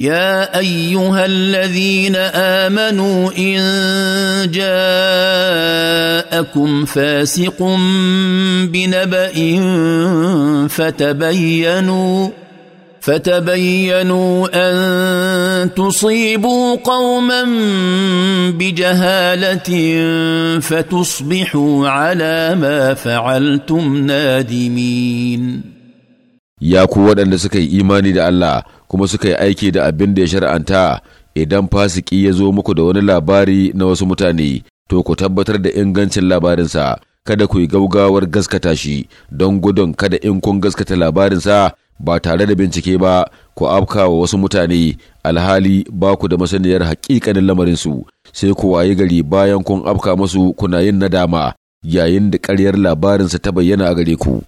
يا ايها الذين امنوا ان جاءكم فاسق بنبأ فتبينوا فتبينوا ان تصيبوا قوما بجهاله فتصبحوا على ما فعلتم نادمين يا قوه الذين سكي ايماني الله kuma suka yi aiki da abin da ya shar'anta idan fasiki ya zo muku da wani labari na wasu mutane to ku tabbatar da ingancin labarinsa kada ku yi gaugawar gaskata shi don gudun kada in kun gaskata labarinsa ba tare da bincike ba ku afka wa wasu mutane alhali ba ku da masaniyar haƙiƙanin lamarinsu sai ku wayi gari bayan kun afka musu kuna yin nadama yayin da ƙaryar labarinsa ta bayyana a gare ku.